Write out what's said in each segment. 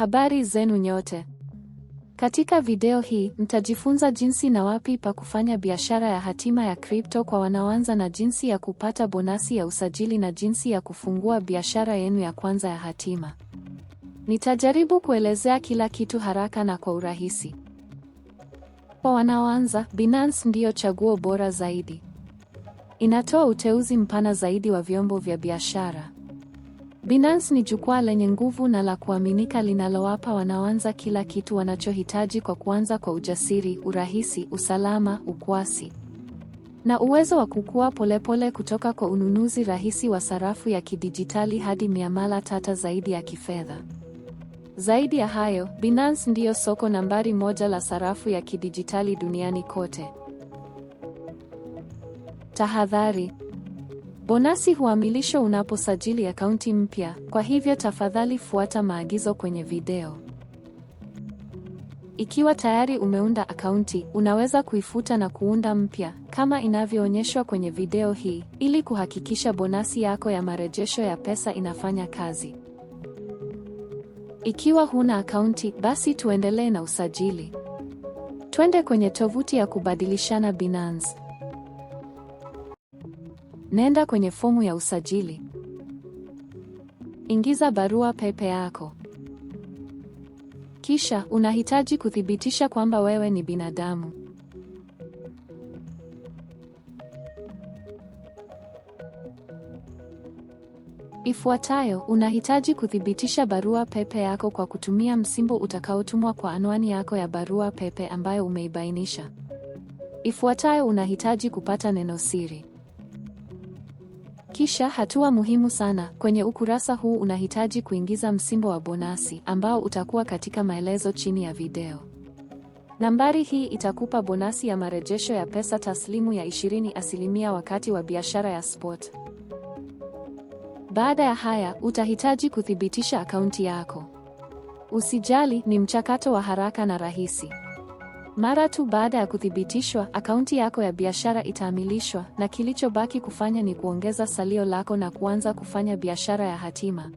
Habari zenu nyote. Katika video hii mtajifunza jinsi na wapi pa kufanya biashara ya hatima ya kripto kwa wanaoanza na jinsi ya kupata bonasi ya usajili na jinsi ya kufungua biashara yenu ya kwanza ya hatima. Nitajaribu kuelezea kila kitu haraka na kwa urahisi. Kwa wanaoanza, Binance ndiyo chaguo bora zaidi. Inatoa uteuzi mpana zaidi wa vyombo vya biashara. Binance ni jukwaa lenye nguvu na la kuaminika linalowapa wanaoanza kila kitu wanachohitaji kwa kuanza kwa ujasiri, urahisi, usalama, ukwasi na uwezo wa kukua polepole kutoka kwa ununuzi rahisi wa sarafu ya kidijitali hadi miamala tata zaidi ya kifedha. Zaidi ya hayo, Binance ndiyo soko nambari moja la sarafu ya kidijitali duniani kote. Tahadhari. Bonasi huamilishwa unaposajili akaunti mpya, kwa hivyo tafadhali fuata maagizo kwenye video. Ikiwa tayari umeunda akaunti, unaweza kuifuta na kuunda mpya kama inavyoonyeshwa kwenye video hii ili kuhakikisha bonasi yako ya marejesho ya pesa inafanya kazi. Ikiwa huna akaunti, basi tuendelee na usajili. Twende kwenye tovuti ya kubadilishana Binance. Nenda kwenye fomu ya usajili. Ingiza barua pepe yako. Kisha unahitaji kuthibitisha kwamba wewe ni binadamu. Ifuatayo, unahitaji kuthibitisha barua pepe yako kwa kutumia msimbo utakaotumwa kwa anwani yako ya barua pepe ambayo umeibainisha. Ifuatayo, unahitaji kupata neno siri. Kisha hatua muhimu sana kwenye ukurasa huu unahitaji kuingiza msimbo wa bonasi ambao utakuwa katika maelezo chini ya video. Nambari hii itakupa bonasi ya marejesho ya pesa taslimu ya 20% wakati wa biashara ya spot. Baada ya haya, utahitaji kuthibitisha akaunti yako. Usijali, ni mchakato wa haraka na rahisi. Mara tu baada ya kuthibitishwa, akaunti yako ya biashara itaamilishwa na kilichobaki kufanya ni kuongeza salio lako na kuanza kufanya biashara ya hatima.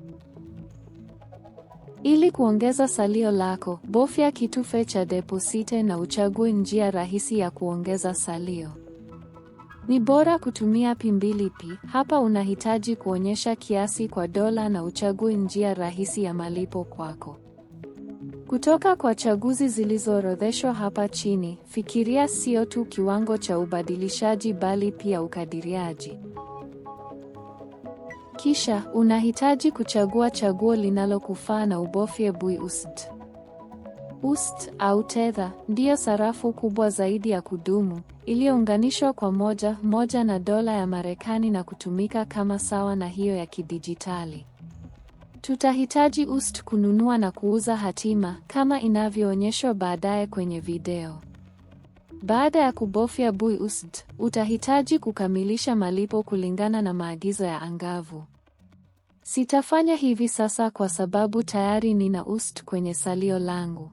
Ili kuongeza salio lako, bofya kitufe cha deposite na uchague njia rahisi ya kuongeza salio. Ni bora kutumia p 2 Hapa unahitaji kuonyesha kiasi kwa dola na uchague njia rahisi ya malipo kwako. Kutoka kwa chaguzi zilizoorodheshwa hapa chini, fikiria sio tu kiwango cha ubadilishaji bali pia ukadiriaji. Kisha unahitaji kuchagua chaguo linalokufaa na ubofye bui ust ust au tether ndiyo sarafu kubwa zaidi ya kudumu iliyounganishwa kwa moja moja na dola ya Marekani na kutumika kama sawa na hiyo ya kidijitali. Tutahitaji UST kununua na kuuza hatima kama inavyoonyeshwa baadaye kwenye video. Baada ya kubofya buy UST, utahitaji kukamilisha malipo kulingana na maagizo ya Angavu. Sitafanya hivi sasa kwa sababu tayari nina UST kwenye salio langu.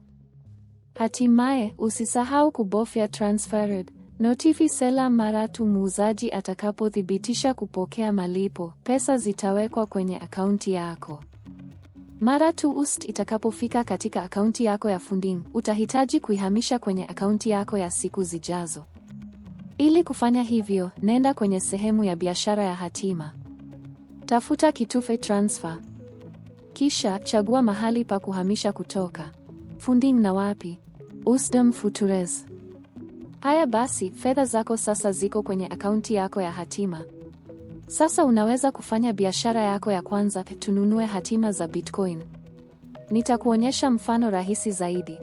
Hatimaye, usisahau kubofya transferred notifi seller mara tu muuzaji atakapothibitisha kupokea malipo, pesa zitawekwa kwenye akaunti yako. Mara tu UST itakapofika katika akaunti yako ya Funding, utahitaji kuihamisha kwenye akaunti yako ya siku zijazo. Ili kufanya hivyo, nenda kwenye sehemu ya biashara ya hatima. Tafuta kitufe transfer. Kisha chagua mahali pa kuhamisha kutoka Funding na wapi? USD Futures. Haya basi, fedha zako sasa ziko kwenye akaunti yako ya hatima. Sasa unaweza kufanya biashara yako ya kwanza. Tununue hatima za Bitcoin. Nitakuonyesha mfano rahisi zaidi.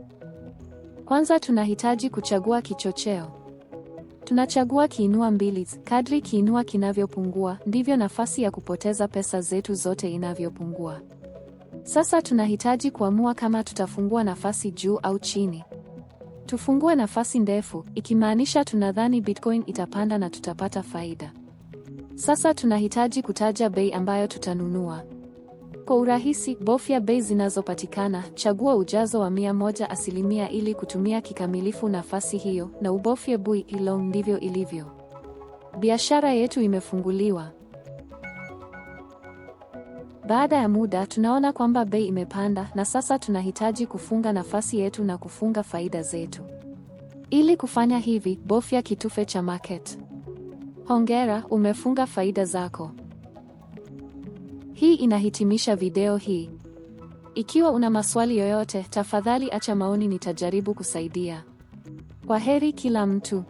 Kwanza tunahitaji kuchagua kichocheo. Tunachagua kiinua mbili. Kadri kiinua kinavyopungua, ndivyo nafasi ya kupoteza pesa zetu zote inavyopungua. Sasa tunahitaji kuamua kama tutafungua nafasi juu au chini. Tufungue nafasi ndefu, ikimaanisha tunadhani Bitcoin itapanda na tutapata faida. Sasa tunahitaji kutaja bei ambayo tutanunua. Kwa urahisi, bofya bei zinazopatikana, chagua ujazo wa mia moja asilimia ili kutumia kikamilifu nafasi hiyo, na ubofye bui ilo. Ndivyo ilivyo. Biashara yetu imefunguliwa. Baada ya muda tunaona kwamba bei imepanda na sasa tunahitaji kufunga nafasi yetu na kufunga faida zetu. Ili kufanya hivi, bofya kitufe cha market. Hongera, umefunga faida zako. Hii inahitimisha video hii. Ikiwa una maswali yoyote, tafadhali acha maoni, nitajaribu kusaidia. Kwa heri kila mtu.